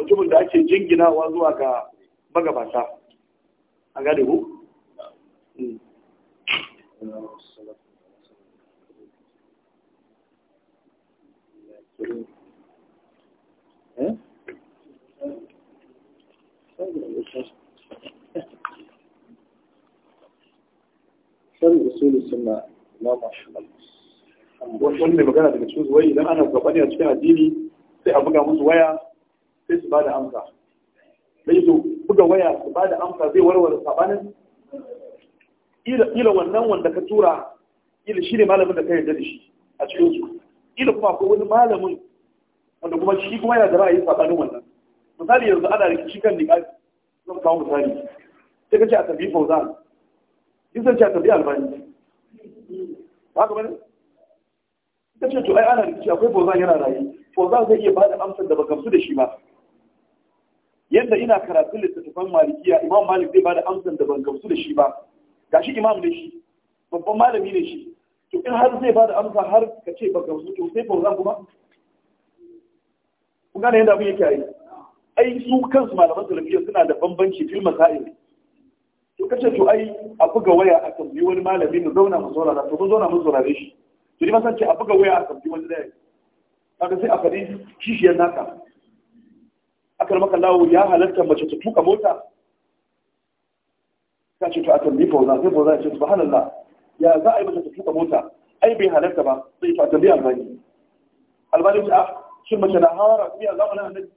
mutumin da ake jinginawa zuwa ga magabata a gane ku hmm. Eh? shan wani mai magana daga cikin zuwai idan ana gabani a cikin addini sai a buga musu waya sai su ba da amsa Zai su buga waya su ba da amsa zai warware sabanin ila wannan wanda ka tura ila shi ne malamin da ka yarda da shi a cikin su ila kuma akwai wani malamin wanda kuma shi kuma yana da ra'ayi sabanin wannan misali yanzu ana rikici kan niqabi zan kawo misali sai ka ce a tabi fauzan kisan ce a tabi albani ba ka bane ka ce to ai ana rikici akwai fauzan yana rayu fauzan zai iya ba da amsar da ba gamsu da shi ba yadda ina karatun littattafan malikiya imam malik zai ba da amsar da ban gamsu da shi ba gashi imam ne shi babban malami ne shi to in har zai bada amsa har ka ce ba gamsu to sai fauzan kuma kun gane yadda abin yake yi ai su kansu malaman salafiyya suna da bambanci fil masail to kace to ai a buga waya a tambayi wani malami mu zauna mu saurara to mun zauna mu saurare shi to ni ma a buga waya a tambayi wani da kaga sai a faɗi kishiyar naka akal maka lawo ya halarta mace ta tuka mota kace ce to a tambayi fauza sai fauza ya ce subhanallah ya za a yi mace ta tuka mota ai bai halarta ba sai ta tambayi albani albani ce a ah, shin mace na hawa rafiya zamanin annabi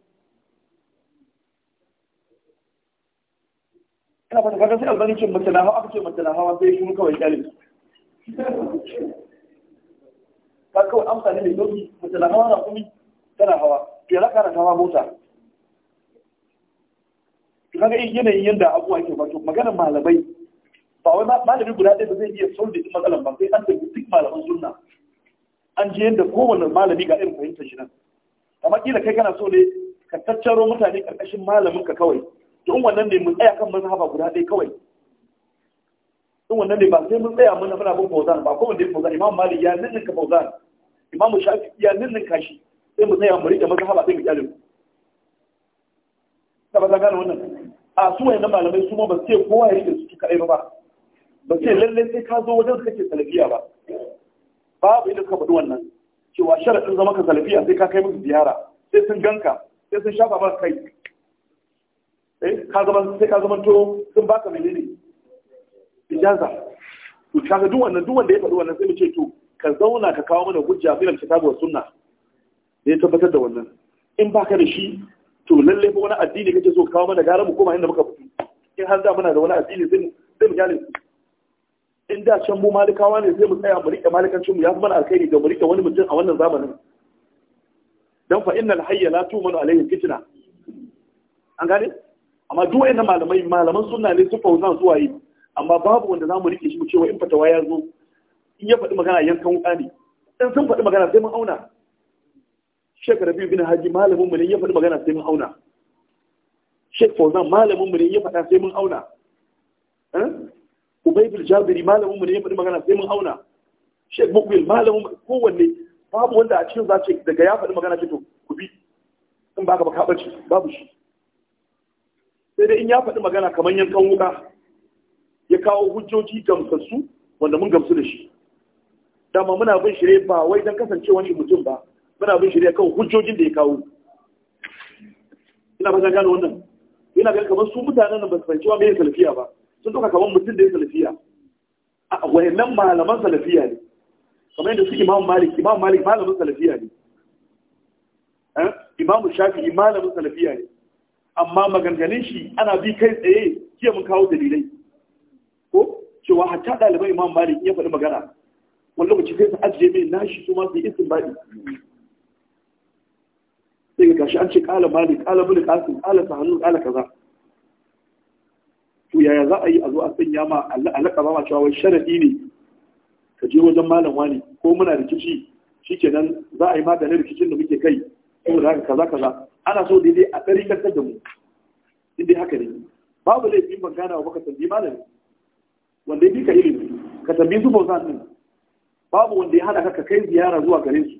ina fata kaga sai albani ce mutana hawa aka ce mutana hawa sai shi kawai kyale ka kawai amsa ne mai doki mutana hawa na kuma tana hawa ya raka na hawa mota to kaga yanayin yadda abubuwa ke wato maganar malamai ba wai malami guda ɗaya ba zai iya da din matsalar ba sai an tafi duk malaman sunna an ji yadda kowane malami ga irin fahimtar shi nan amma kila kai kana so ne ka tattaro mutane ƙarƙashin malamin ka kawai Tun wannan ne mun tsaya kan mazhaba guda ɗaya kawai Tun wannan ne ba sai mun tsaya mun muna bin fauzan ba kowanne ya fauzan imam malik ya ninninka fauzan imam shafi ya ninninka shi sai mun tsaya mun rike mazhaba sai mu kyale ta ba ta gane wannan a su na malamai su ma ba sai kowa ya rike su kaɗai ba ba sai lalle sai ka zo wajen kake salafiya ba babu inda ka faɗi wannan cewa sharaɗin zama ka salafiya sai ka kai musu ziyara sai sun ganka sai sun shafa ba kai Eh, sai ka zama to sun baka menene ijaza to kaga duk wannan duk wanda ya faɗi wannan sai mu ce to ka zauna ka kawo mana hujja min alkitabu was sunna ya tabbatar da wannan in baka da shi to lalle ba wani addini kake so kawo mana gara mu koma inda muka fito in har da muna da wani addini sai mu sai mu gane in da can mu malikawa ne sai mu tsaya mu rike malikancin mu ya fi mana alkhairi ga mu rike wani mutum a wannan zamanin dan fa innal hayya la tumanu alaihi fitna an gane amma duk wayannan malamai malaman sunna ne su fauzan zuwa yi. amma babu wanda zamu rike shi mu cewa in fatawa ya zo in ya faɗi magana yankan wuka ne in sun faɗi magana sai mun auna Sheikh Rabi bin Haji malamin mu ne ya faɗi magana sai mun auna Sheikh Fauzan malamin mu ne ya faɗa sai mun auna eh? Ubaydul Jabiri malamin mu ne ya faɗi magana sai mun auna Sheikh Mukbil malamin kowanne babu wanda a cikin zace daga ya faɗi magana ce to ku bi in ba ka ba ka babu shi sai dai in ya faɗi magana kamar yankan wuka ya kawo hujjoji gamsassu wanda mun gamsu da shi dama muna bin shi ba wai don kasance wani mutum ba muna bin shi kan hujjojin da ya kawo ina fata gano wannan ina ganin kamar su mutanen da basu su fahimci wa mai salafiya ba sun doka kamar mutum da ya salafiya a wayannan malaman salafiya ne kamar yadda su imam malik imam malik malamin salafiya ne eh? imam shafi'i malamin salafiya ne amma maganganun shi ana bi kai tsaye jiya mun kawo dalilai ko cewa hatta ɗaliban imam malik ya faɗi magana wani lokaci sai su ajiye mai nashi su ma su yi baɗi sai ga gashi an ce ƙala malik ƙala bin ƙala kala sahanun ƙala kaza to yaya za a yi a zo a sanya ma alaka ba ma cewa wai sharaɗi ne ka je wajen malam wani ko muna rikici shi shikenan za a yi maganin rikicin da muke kai saboda haka kaza kaza ana so daidai a ɗari kantar da mu in dai haka ne babu laifin ban gana ba ka tambayi malami wanda ya bi ka ilimi ka tambayi su bautan din babu wanda ya hada ka kai ziyara zuwa gare su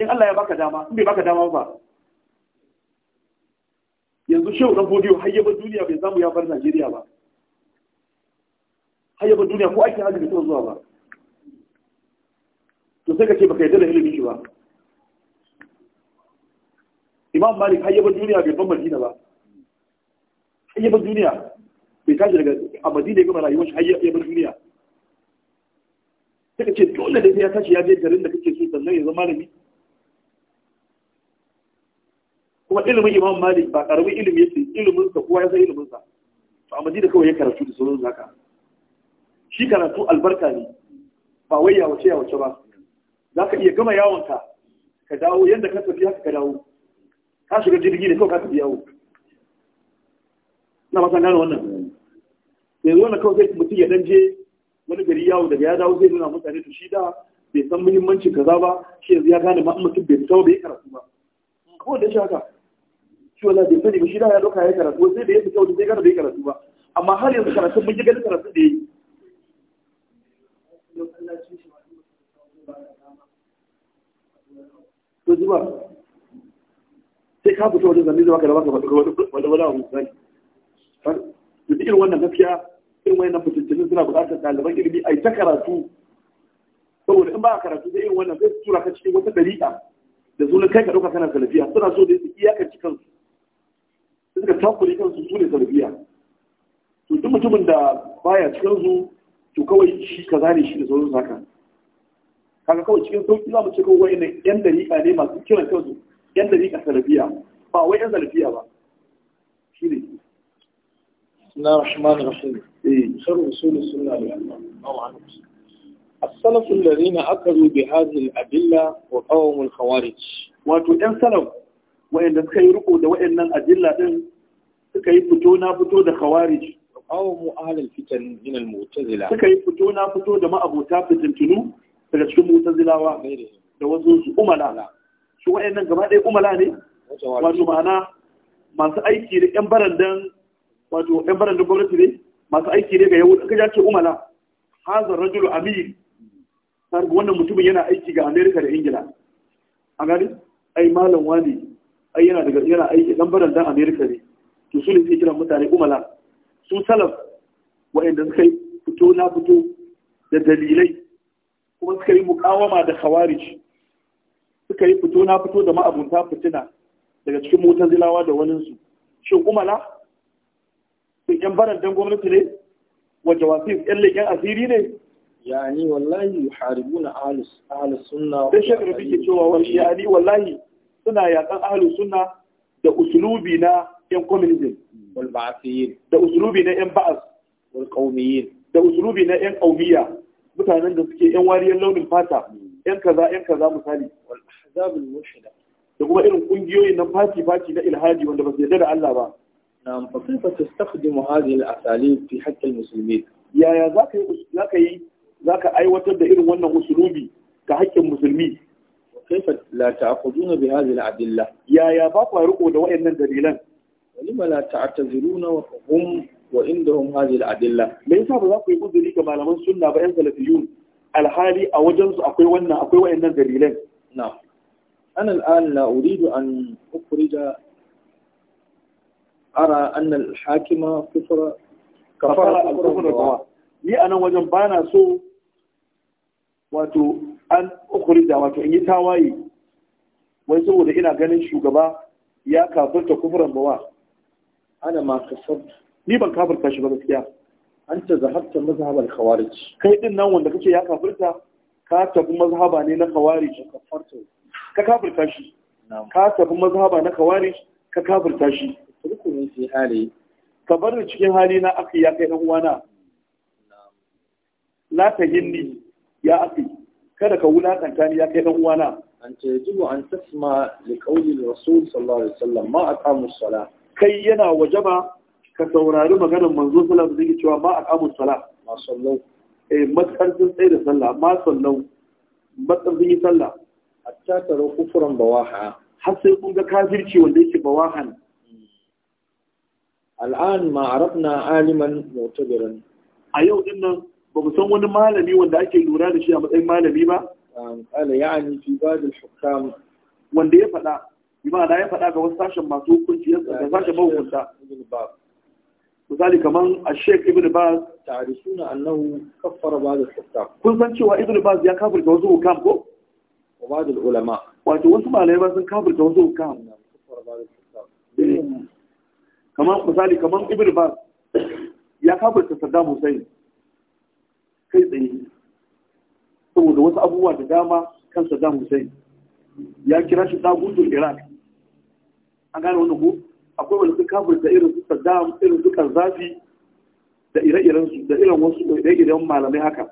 in Allah ya baka dama in bai baka dama ba yanzu shehu dan bodiyo har yaba duniya bai samu ya bar Najeriya ba har yaba duniya ko aikin hajji bai zuwa ba to sai ka ce baka yarda da ilimi shi ba imam malik har yaba duniya bai ban madina ba har yaba duniya bai tashi daga a madina ya gama rayuwar shi har yaba duniya sai ka ce dole da ya tashi ya je garin da kake so sannan ya zama malami kuma ilimin imam malik ba karamin ilimi yake ilimin sa kowa ya san ilimin sa to a madina kawai ya karatu da sauran zaka shi karatu albarka ne ba wai ya wace ya wace ba za ka iya gama yawonka ka dawo yadda ka tafi haka ka dawo ka shiga jirgi ne kawai ka tafi yawo na masan gano wannan yanzu wannan kawai sai mutum ya dan je wani gari yawo daga ya dawo zai nuna mutane da shi da bai san muhimmanci kaza ba shi yanzu ya gane ma mutum bai fita bai karatu ba ko da shi haka shi wala bai sani ba shi da ya doka ya karatu sai da ya fita wani sai gane bai karatu ba amma har yanzu karatu mun ji gani karatu da ya yi to zuba sai ka fito wajen zanni zama baka da baka wani wani abu zai to irin wannan gaskiya irin wannan fitintunin suna buƙatar ɗaliban ilimi a yi ta karatu saboda in ba a karatu sai irin wannan zai tura ka cikin wata dariƙa da sunan kai ka ɗauka kana salafiya suna so da su iyakanci kansu suka takure kansu su ne salafiya to duk mutumin da baya cikin su to kawai shi kaza ne shi da sauran haka kaga kawai cikin sauki za mu ce kawai wa'annan yan dariƙa ne masu kiran kansu yan dariƙa salafiya ba wai yan salafiya ba shi ne na rahman rahim eh shar usul sunna da Allah السلف الذين أكلوا بهذه الأدلة وقوم الخوارج wato ‘yan salaf wa'yanda suka yi riko da wa'yannan adilla din, suka yi fito na fito da khawarij awon mu'ahalar fitan min al-mu'tazila suka yi fito na fito da ma'abota fitintunu daga cikin mu'tazilawa da wasu su umala shi nan gaba ɗaya umala ne wato ma'ana masu aiki da yan barandan wato yan barandan gwamnati ne masu aiki ne ga yahudu kaje ce umala hazar rajulu amir har wannan mutumin yana aiki ga Amerika da ingila a gani ai malam wani ai yana daga yana aiki ɗan barandan Amerika ne to su ne sai kiran mutane umala su salaf wa'anda suka fito na fito da dalilai kuma suka yi mukawama da khawarij suka yi fito na fito da ma'abunta fitina daga cikin mutazilawa da waninsu shin umala sun yan baran dan gwamnati ne wajen wasif yan leƙen asiri ne ni wallahi yuharibuna ahlus ahlus sunna da shakar cewa wani ni wallahi suna yakan ahlus suna da usulubi na yan communism da usulubi na yan ba'as da usulubi na yan ƙaumiyya mutanen da suke yan wariyar launin fata yan kaza yan kaza misali wal ahzabul mushida da kuma irin kungiyoyi na fati fati na ilhadi wanda ba su yarda da Allah ba na'am fa kaifa tastakhdimu hadhihi al-asalib fi haqq al-muslimin yaya zaka yi zaka yi zaka aiwatar da irin wannan usulubi ga haƙƙin musulmi kaifa la ta'khuduna bi hadhihi al-adilla yaya ba ku riko da wayannan dalilan walima la ta'taziruna wa hum wa indahum hadhihi al-adilla me yasa ba za ku yi uzuri ga malaman sunna ba yan salafiyun alhali a wajensu akwai wannan akwai wayannan dalilan na an al'an la uridu an ukhrija ara anna al-hakima kufra kafara al-kufra ni anan wajen bana so wato an ukhrija wato in yi tawaye wai saboda ina ganin shugaba ya kafirta kufran bawa ana ma kasar ni ban kafirta shi ba gaskiya an ta zahabta mazhabar khawarij kai din nan wanda kake ya kafirta ka tafi mazhaba ne na khawarij ka kafirta shi ka tafi mazhaba na khawarij ka kafirta shi rukunin fi hali ka bar ni cikin hali na akai ya kai dan uwana la ta yinni ya akai kada ka wulakanta ni ya kai dan uwana an ce jibu an tasma li qawli rasul sallallahu alaihi wasallam ma aqamu salat kai yana wajaba ka saurari maganar manzo sallah da zai cewa ma kamun sallah ma sallau eh matsar sun tsaye da sallah ma sallau matsar sun yi sallah hatta taro kufuran bawaha har sai kun ga kafirci wanda yake bawahan al'an ma arafna aliman mu'tabiran a yau din nan ba mu san wani malami wanda ake lura da shi a matsayin malami ba qala ya'ni fi ba'd al-hukam wanda ya faɗa bi ma'ana ya faɗa ga wasu sashen masu hukunci da sashen mahukunta misali kaman a ibn baz ta'rifuna annahu kaffara ba da hukam kun san cewa ibn baz ya kafirta wasu hukam ko wa da ulama wato wasu malai ba sun kafirta wasu hukam eh. kaman misali kaman ibn baz ya kafirta Saddam Hussein kai tsaye saboda wasu abubuwa da dama kan Saddam Hussein ya kira shi dagutul Iraq an gane wannan ko akwai wanda suka kafirta irin su Saddam irin su zafi da ire-iren su da irin wasu ire-iren malamai haka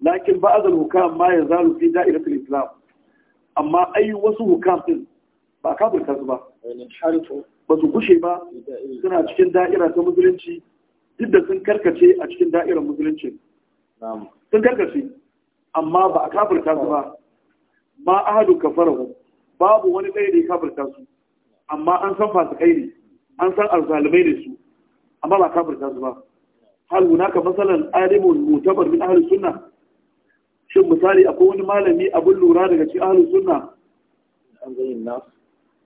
lakin azal hukam ma zaru fi da'iratul islam amma ai wasu hukam din ba kafirta su ba ba su gushe ba suna cikin da'ira ta musulunci duk da sun karkace a cikin da'irar musulunci sun karkace amma ba a kafirta su ba ma ahadu kafarahu babu wani ɗaya da ya kafirta su amma an san fasikai ne an san alzalimai ne su amma ba kafirta su ba hal hunaka masalan alimun mutabar min ahli sunna shin misali akwai wani malami abin lura daga cikin ahli sunna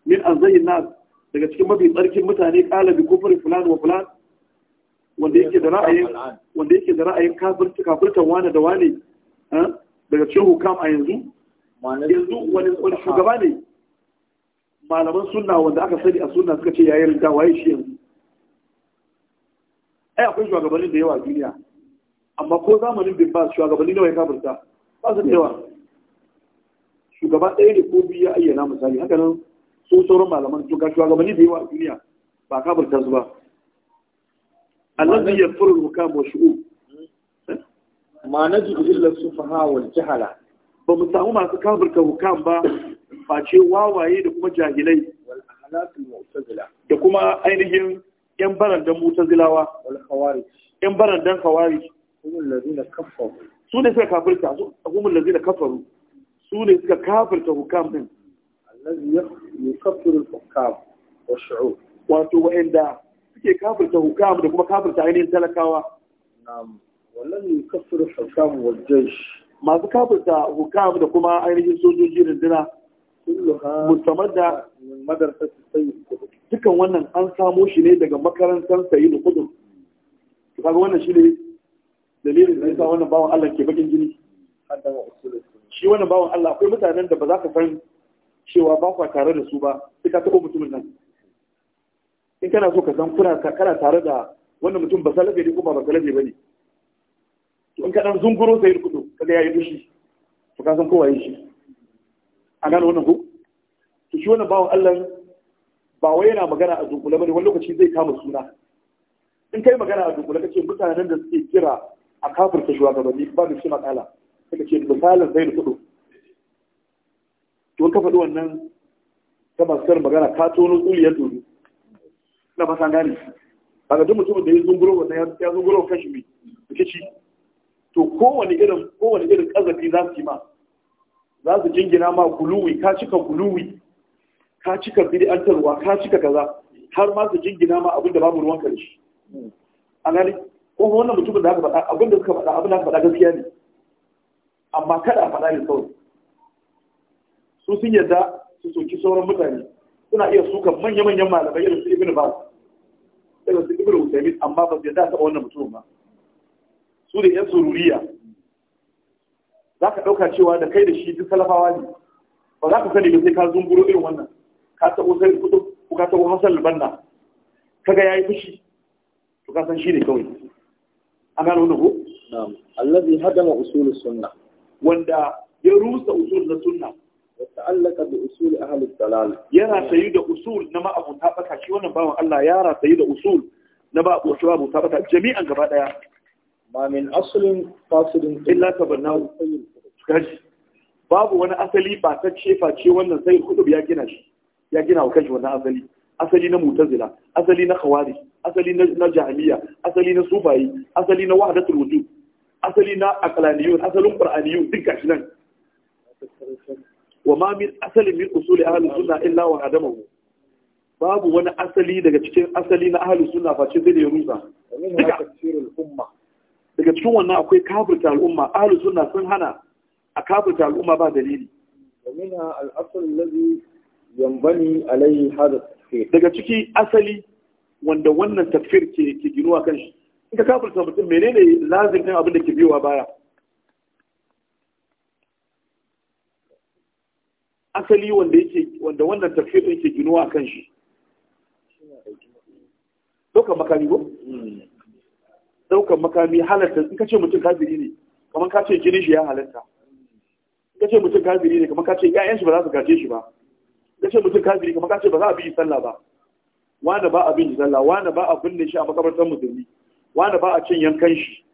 min an zayin nas daga cikin mafi tsarkin mutane kala bi kufri fulan wa fulan wanda yake da ra'ayin wanda yake da ra'ayin kafirci kafirtan wani da wani eh, daga cikin hukam a yanzu yanzu wani shugaba ne malaman suna wanda aka sani a suna suka ce yayin da waye shi yanzu ai akwai shugabannin da yawa a duniya amma ko zamanin bin ba shugabanni nawa ya kafirta ba su da yawa shugaba ɗaya ne ko biyu ya ayyana misali haka nan so sauran malaman to ga shugabanni da yawa a duniya ba kafirta su ba zai yafuru al-hukam wa shu'ub ma naji illa sufaha wal jahala ba mu samu masu kafirta hukam ba face wawaye da kuma jahilai da kuma ainihin yan barandan mutazilawa yan barandan kawari su ne suka kafirta hukumar lazi da kafaru su ne suka kafirta hukam din wato wa'anda suke kafirta hukam da kuma kafirta ainihin talakawa wallahi yukaffiru hukam wal masu kafirta hukam da kuma ainihin sojoji rundunar mutamadda madarsar sayyid dukan wannan an samo shi ne daga makarantar sayyid kudur to kaga wannan shi ne, dalilin da yasa wannan bawan Allah ke bakin jini shi wannan bawan Allah akwai mutanen da ba za ka san cewa ba kwa tare da su ba sai ka taɓa mutumin nan in kana so ka san kuna kana tare da wannan mutum ba salafi ne ko ba salafi ba ne to in ka dan zunguro sayyid kudur kaga yayi fushi to ka san kowa yi shi a gano wannan ko to shi wannan bawan Allah ba wai yana magana a dunkule bane wani lokaci zai kama suna in kai magana a dunkule kace mutanen da suke kira a gaba ne ba da shi makala kake ce misalin zai da kudu to ka faɗi wannan ta masu magana ka tono tsuliyar dole na san gane ba duk mutumin da ya zunguro wannan ya zunguro kashi mai kace to kowane irin kowane irin kazafi za su yi ma za su jingina ma guluwi ka cika guluwi ka cika bid'antarwa ka cika kaza har ma su jingina ma abin da babu ruwan karshe a gani ko wannan mutumin da aka faɗa abin da suka faɗa abin da aka faɗa gaskiya ne amma kada a faɗa ne kawai su sun yadda su soki sauran mutane suna iya suka manya-manyan malamai irin su ibn ba irin su ibn usaimin amma ba su yarda taɓa wannan mutumin ba su da yan sururiya za ka ɗauka cewa da kai da shi duk talafawa ne ba za ka sani ba sai ka zunguro irin wannan ka taɓo sai kudu ko ka taɓo hasan ka ga yayi fushi to ka san shi ne kawai an gano wannan ko na'am allazi hadama usul sunna wanda ya rusa usul na sunna wa ta'allaka bi usul ahli dalal yana sayu da usul na ma'abuta baka shi wannan bawan Allah ya ratayu da usul na ba abuta baka jami'an gaba daya ma min aslin fasidin illa tabannahu kashi babu wani asali ba ta cefa ce wannan sai kutub ya gina shi ya gina wa kashi wannan asali asali na mutazila asali na khawari asali na jahiliya asali na sufayi asali na wahdatul wujud asali na aqlaniyun asalin qur'aniyun duk gashi nan wa ma min asalin min usuli ahli sunna illa wa adamahu babu wani asali daga cikin asali na ahli sunna face sai da ya rusa daga tafsirul umma daga cikin wannan akwai kafirta al'umma ahlu sunna sun hana a kafirta al'umma ba dalili ومنها الأصل الذي yanbani عليه هذا daga ciki asali wanda wannan tafsir ke ke ginuwa kan shi in ka kafirta mutum menene lazim kan abin da ke biyowa baya asali wanda yake wanda wannan tafsir din ke ginuwa kan shi dokan makami ko hmm. Daukan makami halatta in ka ce mutum kafiri ne kamar ka ce jini shi ya halatta in ka ce mutum kafiri ne kamar ka ce ƴaƴan shi ba za su gaje shi ba in ka ce mutum kafiri kamar ka ce ba za a bi sallah ba wanda ba a bi sallah wanda ba a binne shi a makabartar musulmi wanda ba a cin yankan shi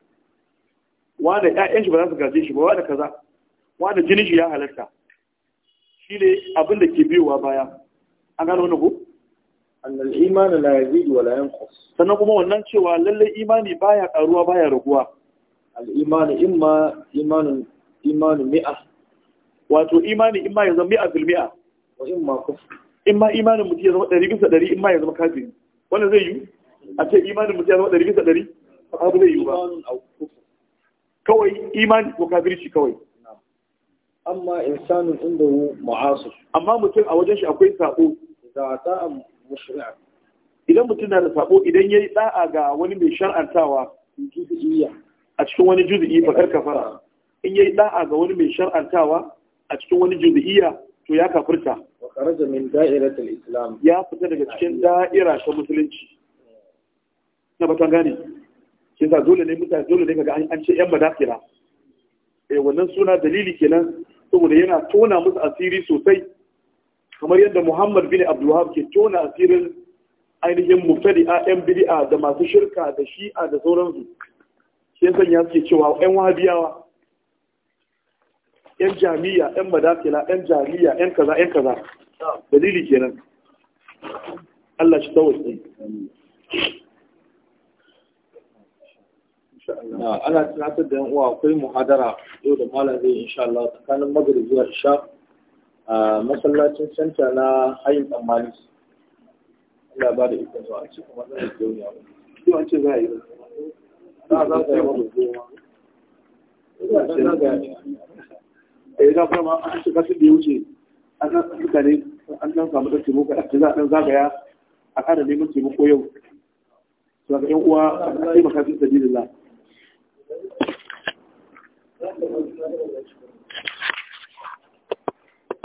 wanda ƴaƴan shi ba za su gaje shi ba wanda kaza wanda jini shi ya halatta shi ne abin da ke biyowa baya an gano wannan ko annal iman la yazidu wa la yanqus sannan kuma wannan cewa lalle imani baya karuwa baya raguwa al iman imma imanun imanu mi'a wato imani imma ya zama mi'a filmi'a wa imma kufr imma imanin mutum ya zama ɗari bisa ɗari imma yanzu zama kafiri wannan zai yi a ce imanin mutum ya zama ɗari bisa ɗari abu zai yi ba kawai imani ko shi kawai amma insanin inda mu'asir amma mutum a wajen shi akwai sako da ta'a idan mutum na da sabo idan ya yi da'a ga wani mai shar'antawa a cikin wani juzi'i bakar kafara in ya yi da'a ga wani mai shar'antawa a cikin wani juzi'iya to ya kafirta ya fita daga cikin da'ira ta musulunci na batan gane ke sa dole ne mutane dole ne kaga an ce yan madakira eh wannan suna dalili kenan saboda yana tona musu asiri sosai kamar yadda Muhammad bin Abdulwahab ke tona asirin ainihin a yan bid'a da masu shirka da shi'a da sauransu sai yasan ya suke cewa yan wahabiyawa yan jami'a yan madakila yan jami'a yan kaza yan kaza dalili kenan Allah shi tawassai ana tunatar da yan uwa akwai muhadara yau da malam zai insha Allah tsakanin magrib zuwa isha a masallacin canta na hayin tsammani Allah ba da ikon zuwa cikin matsalar duniya ba. Yawan ce za a yi Za a za a yi ba yi zafi an shiga su da wuce an san a cikin zagaya a ƙara neman yau. Su ga ƴan uwa a sabilillah.